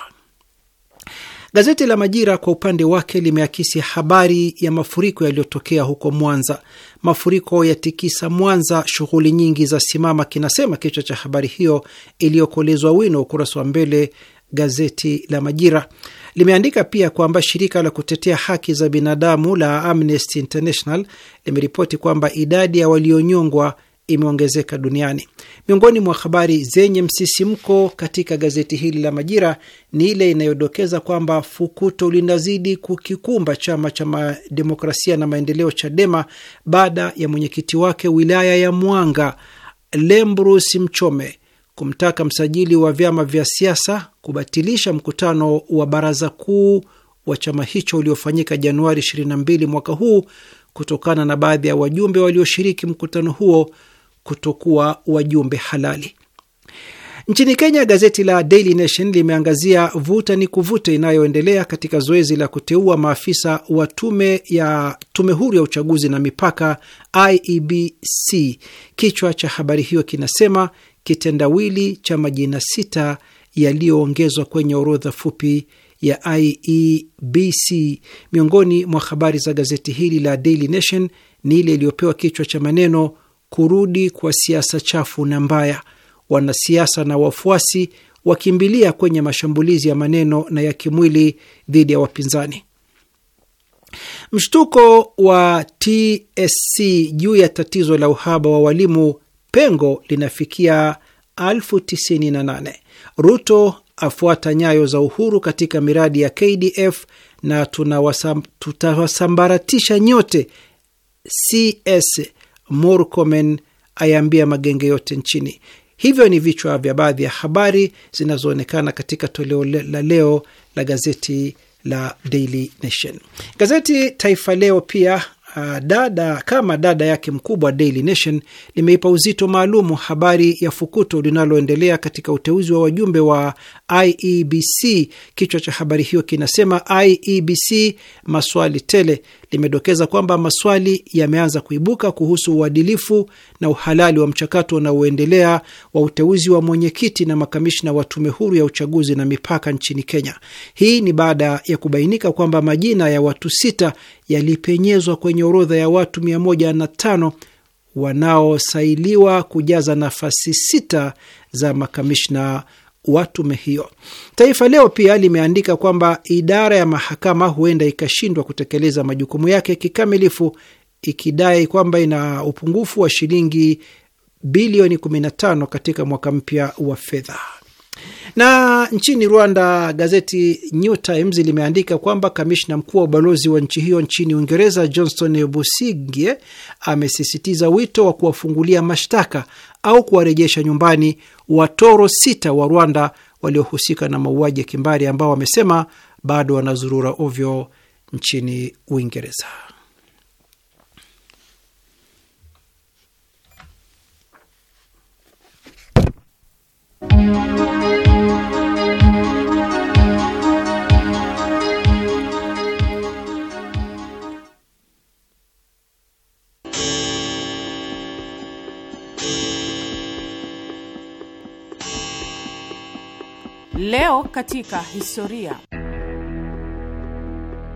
Gazeti la Majira kwa upande wake limeakisi habari ya mafuriko yaliyotokea huko Mwanza. Mafuriko yatikisa Mwanza, shughuli nyingi za simama, kinasema kichwa cha habari hiyo iliyokolezwa wino ukurasa wa mbele. Gazeti la Majira limeandika pia kwamba shirika la kutetea haki za binadamu la Amnesty International limeripoti kwamba idadi ya walionyongwa imeongezeka duniani. Miongoni mwa habari zenye msisimko katika gazeti hili la Majira ni ile inayodokeza kwamba fukuto linazidi kukikumba chama cha demokrasia na maendeleo Chadema baada ya mwenyekiti wake wilaya ya Mwanga Lembrus Mchome kumtaka msajili wa vyama vya siasa kubatilisha mkutano wa baraza kuu wa chama hicho uliofanyika Januari 22 mwaka huu kutokana na baadhi ya wajumbe walioshiriki mkutano huo kutokuwa wajumbe halali. Nchini Kenya, gazeti la Daily Nation limeangazia vuta ni kuvute inayoendelea katika zoezi la kuteua maafisa wa tume ya tume huru ya uchaguzi na mipaka IEBC. Kichwa cha habari hiyo kinasema kitendawili cha majina sita yaliyoongezwa kwenye orodha fupi ya IEBC. Miongoni mwa habari za gazeti hili la Daily Nation ni ile iliyopewa kichwa cha maneno kurudi kwa siasa chafu na mbaya, wanasiasa na wafuasi wakimbilia kwenye mashambulizi ya maneno na ya kimwili dhidi ya wapinzani. Mshtuko wa TSC juu ya tatizo la uhaba wa walimu, pengo linafikia elfu tisini na nane. Ruto afuata nyayo za Uhuru katika miradi ya KDF na tutawasambaratisha nyote, CS Murkomen ayaambia magenge yote nchini. Hivyo ni vichwa vya baadhi ya habari zinazoonekana katika toleo la leo la gazeti la Daily Nation. Gazeti Taifa Leo pia Uh, dada kama dada yake mkubwa Daily Nation limeipa uzito maalumu habari ya fukuto linaloendelea katika uteuzi wa wajumbe wa IEBC. Kichwa cha habari hiyo kinasema IEBC maswali tele. Limedokeza kwamba maswali yameanza kuibuka kuhusu uadilifu na uhalali wa mchakato unaoendelea wa uteuzi wa mwenyekiti na makamishna wa tume huru ya uchaguzi na mipaka nchini Kenya. Hii ni baada ya kubainika kwamba majina ya watu sita yalipenyezwa kwenye orodha ya watu 105 wanaosailiwa kujaza nafasi sita za makamishna wa tume hiyo. Taifa Leo pia limeandika kwamba idara ya mahakama huenda ikashindwa kutekeleza majukumu yake kikamilifu ikidai kwamba ina upungufu wa shilingi bilioni 15 katika mwaka mpya wa fedha. Na nchini Rwanda, gazeti New Times limeandika kwamba kamishna mkuu wa ubalozi wa nchi hiyo nchini Uingereza, Johnston Busingie, amesisitiza wito wa kuwafungulia mashtaka au kuwarejesha nyumbani watoro sita wa Rwanda waliohusika na mauaji ya kimbari ambao wamesema bado wanazurura ovyo nchini Uingereza. katika historia.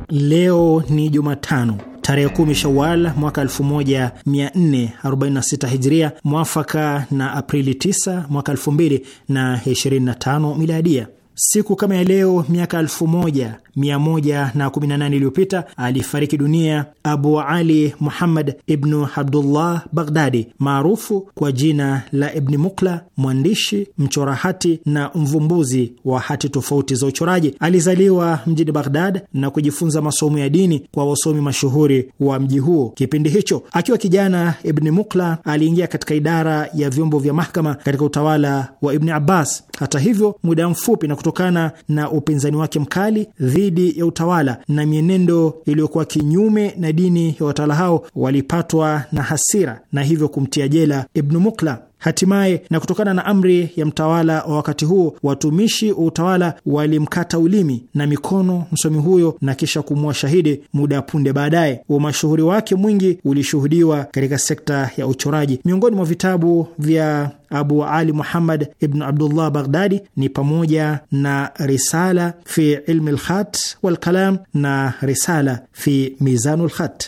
Leo ni Jumatano tarehe 10 Shawal mwaka 1446 Hijria, mwafaka na Aprili 9 mwaka 2025 Miladia. Siku kama ya leo miaka 1118 iliyopita alifariki dunia Abu Ali Muhammad Ibnu Abdullah Baghdadi, maarufu kwa jina la Ibni Mukla, mwandishi, mchora hati na mvumbuzi wa hati tofauti za uchoraji. Alizaliwa mjini Baghdad na kujifunza masomo ya dini kwa wasomi mashuhuri wa mji huo kipindi hicho. Akiwa kijana, Ibni Mukla aliingia katika idara ya vyombo vya mahakama katika utawala wa Ibni Abbas. Hata hivyo, muda mfupi na kutokana na upinzani wake mkali dhidi ya utawala na mienendo iliyokuwa kinyume na dini ya watawala hao, walipatwa na hasira na hivyo kumtia jela Ibnu Mukla. Hatimaye, na kutokana na amri ya mtawala wa wakati huo, watumishi wa utawala walimkata ulimi na mikono msomi huyo na kisha kumua shahidi muda punde baadaye. Umashuhuri wake mwingi ulishuhudiwa katika sekta ya uchoraji. Miongoni mwa vitabu vya Abu Ali Muhammad ibn Abdullah Baghdadi ni pamoja na Risala fi ilmi lkhat walkalam na Risala fi mizanu lkhat.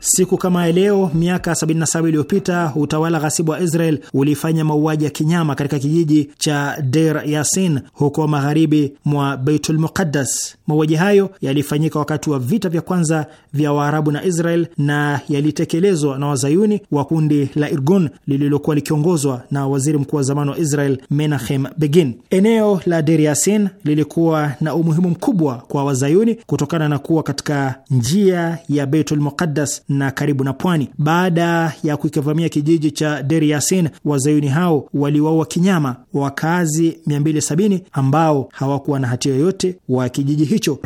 Siku kama ya leo miaka 77 iliyopita utawala ghasibu wa Israel ulifanya mauaji ya kinyama katika kijiji cha Deir Yasin huko magharibi mwa Beitul Muqaddas. Mauaji hayo yalifanyika wakati wa vita vya kwanza vya Waarabu na Israel na yalitekelezwa na wazayuni wa kundi la Irgun lililokuwa likiongozwa na waziri mkuu wa zamani wa Israel Menachem Begin. Eneo la Deir Yasin lilikuwa na umuhimu mkubwa kwa wazayuni kutokana na kuwa katika njia ya Beitul Muqaddas na karibu na pwani. Baada ya kukivamia kijiji cha deri Yasin, wazayuni hao waliwaua kinyama wakazi 270 ambao hawakuwa na hatia yoyote wa kijiji hicho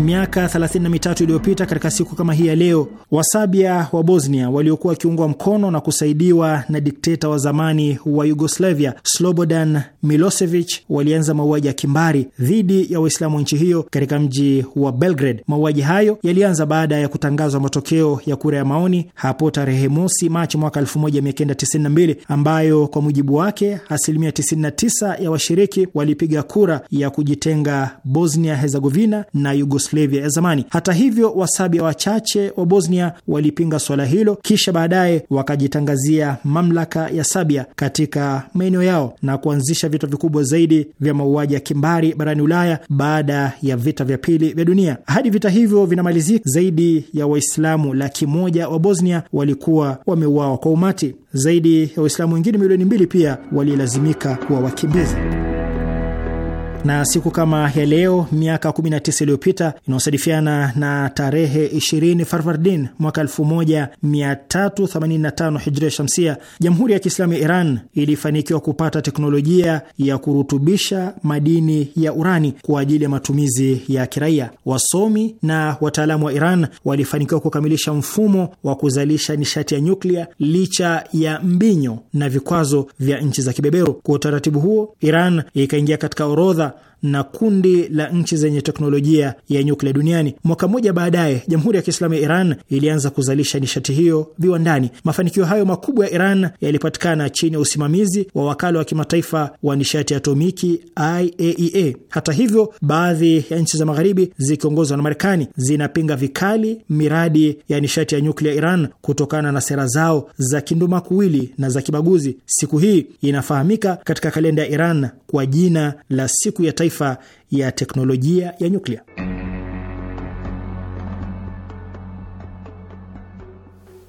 miaka 33 iliyopita katika siku kama hii ya leo, Wasabia wa Bosnia waliokuwa wakiungwa mkono na kusaidiwa na dikteta wa zamani wa Yugoslavia Slobodan Milosevic walianza mauaji ya kimbari dhidi ya Waislamu wa nchi hiyo katika mji wa Belgrade. Mauaji hayo yalianza baada ya kutangazwa matokeo ya kura ya maoni hapo tarehe mosi Machi mwaka 1992 ambayo kwa mujibu wake asilimia 99 ya washiriki walipiga kura ya kujitenga Bosnia Herzegovina na Yugoslavia Yugoslavia ya zamani. Hata hivyo, Wasabia wachache wa Bosnia walipinga swala hilo, kisha baadaye wakajitangazia mamlaka ya Sabia katika maeneo yao na kuanzisha vita vikubwa zaidi vya mauaji ya kimbari barani Ulaya baada ya vita vya pili vya dunia. Hadi vita hivyo vinamalizika, zaidi ya Waislamu laki moja wa Bosnia walikuwa wameuawa kwa umati. Zaidi ya Waislamu wengine milioni mbili pia walilazimika kuwa wakimbizi na siku kama ya leo miaka 19 iliyopita inaosadifiana na tarehe 20 Farvardin mwaka 1385 hijria shamsia, Jamhuri ya Kiislamu ya Iran ilifanikiwa kupata teknolojia ya kurutubisha madini ya urani kwa ajili ya matumizi ya kiraia. Wasomi na wataalamu wa Iran walifanikiwa kukamilisha mfumo wa kuzalisha nishati ya nyuklia licha ya mbinyo na vikwazo vya nchi za kibeberu. Kwa utaratibu huo, Iran ikaingia katika orodha na kundi la nchi zenye teknolojia ya nyuklia duniani. Mwaka mmoja baadaye, Jamhuri ya Kiislamu ya Iran ilianza kuzalisha nishati hiyo viwandani. Mafanikio hayo makubwa ya Iran yalipatikana chini ya usimamizi wa wakala wa kimataifa wa nishati atomiki IAEA. E Hata hivyo, baadhi ya nchi za magharibi zikiongozwa na Marekani zinapinga vikali miradi ya nishati ya nyuklia Iran kutokana na sera zao za kindumakuwili na za kibaguzi. Siku hii inafahamika katika kalenda ya Iran kwa jina la siku ya taifa kimataifa ya teknolojia ya nyuklia.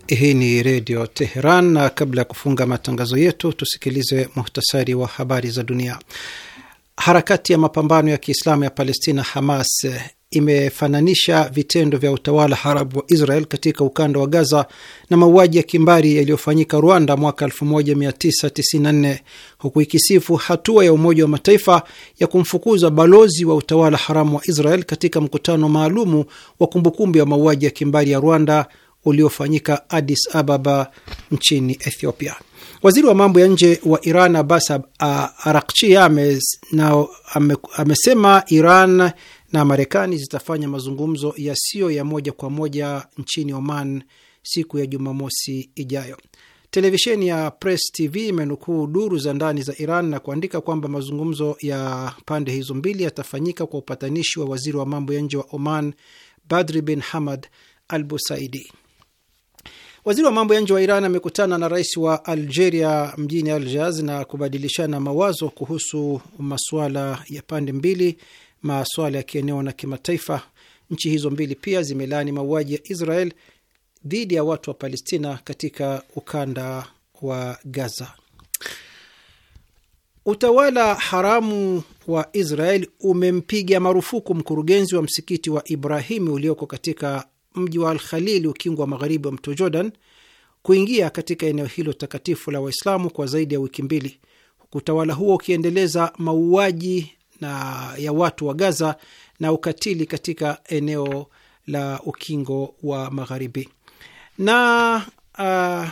Hii ni Redio Teheran, na kabla ya kufunga matangazo yetu tusikilize muhtasari wa habari za dunia. Harakati ya mapambano ya Kiislamu ya Palestina, Hamas, imefananisha vitendo vya utawala haramu wa Israel katika ukanda wa Gaza na mauaji ya kimbari yaliyofanyika Rwanda mwaka 1994 huku ikisifu hatua ya Umoja wa Mataifa ya kumfukuza balozi wa utawala haramu wa Israel katika mkutano maalumu wa kumbukumbu ya mauaji ya kimbari ya Rwanda uliofanyika Addis Ababa nchini Ethiopia. Waziri wa mambo ya nje wa Iran Abbas Araghchi amesema Iran na Marekani zitafanya mazungumzo yasiyo ya moja kwa moja nchini Oman siku ya Jumamosi ijayo. Televisheni ya Press TV imenukuu duru za ndani za Iran na kuandika kwamba mazungumzo ya pande hizo mbili yatafanyika kwa upatanishi wa waziri wa mambo ya nje wa Oman, Badri bin Hamad al Busaidi. Waziri wa mambo ya nje wa Iran amekutana na rais wa Algeria mjini aljaz na kubadilishana mawazo kuhusu masuala ya pande mbili masuala ya kieneo na kimataifa. Nchi hizo mbili pia zimelaani mauaji ya Israel dhidi ya watu wa Palestina katika ukanda wa Gaza. Utawala haramu wa Israel umempiga marufuku mkurugenzi wa msikiti wa Ibrahimu ulioko katika mji wa Alkhalili, ukingwa ukingo wa magharibi wa mto Jordan, kuingia katika eneo hilo takatifu la Waislamu kwa zaidi ya wiki mbili, huku utawala huo ukiendeleza mauaji na ya watu wa Gaza na ukatili katika eneo la ukingo wa Magharibi. Na uh,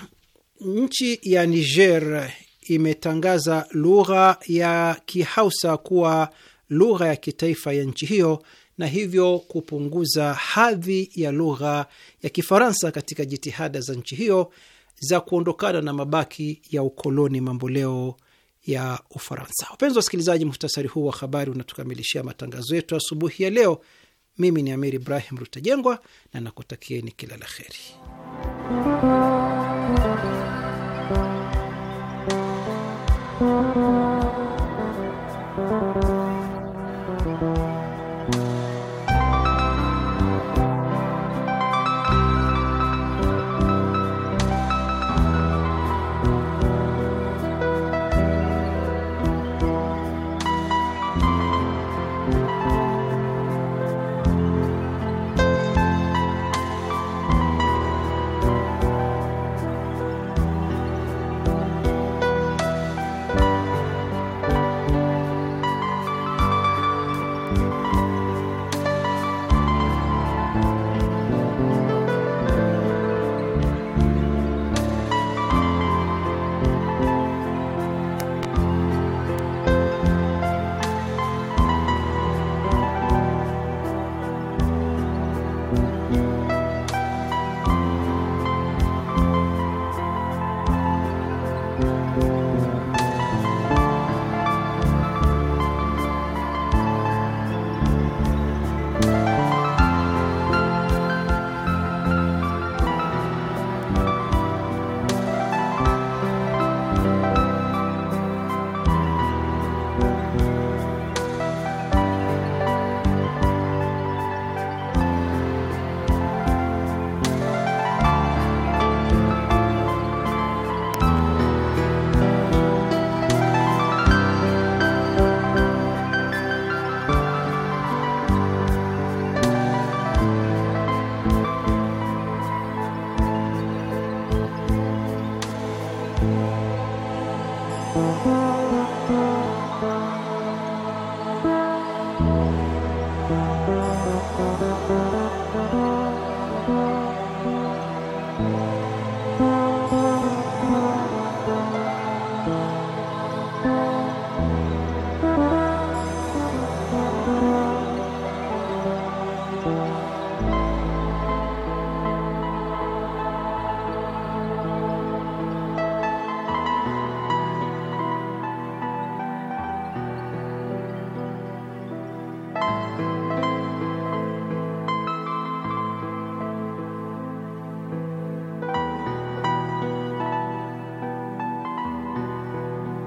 nchi ya Niger imetangaza lugha ya Kihausa kuwa lugha ya kitaifa ya nchi hiyo na hivyo kupunguza hadhi ya lugha ya Kifaransa katika jitihada za nchi hiyo za kuondokana na mabaki ya ukoloni mamboleo ya Ufaransa. Wapenzi wasikilizaji, muhtasari huu wa habari unatukamilishia matangazo yetu asubuhi ya leo. Mimi ni Amir Ibrahim Rutajengwa na nakutakieni kila la heri.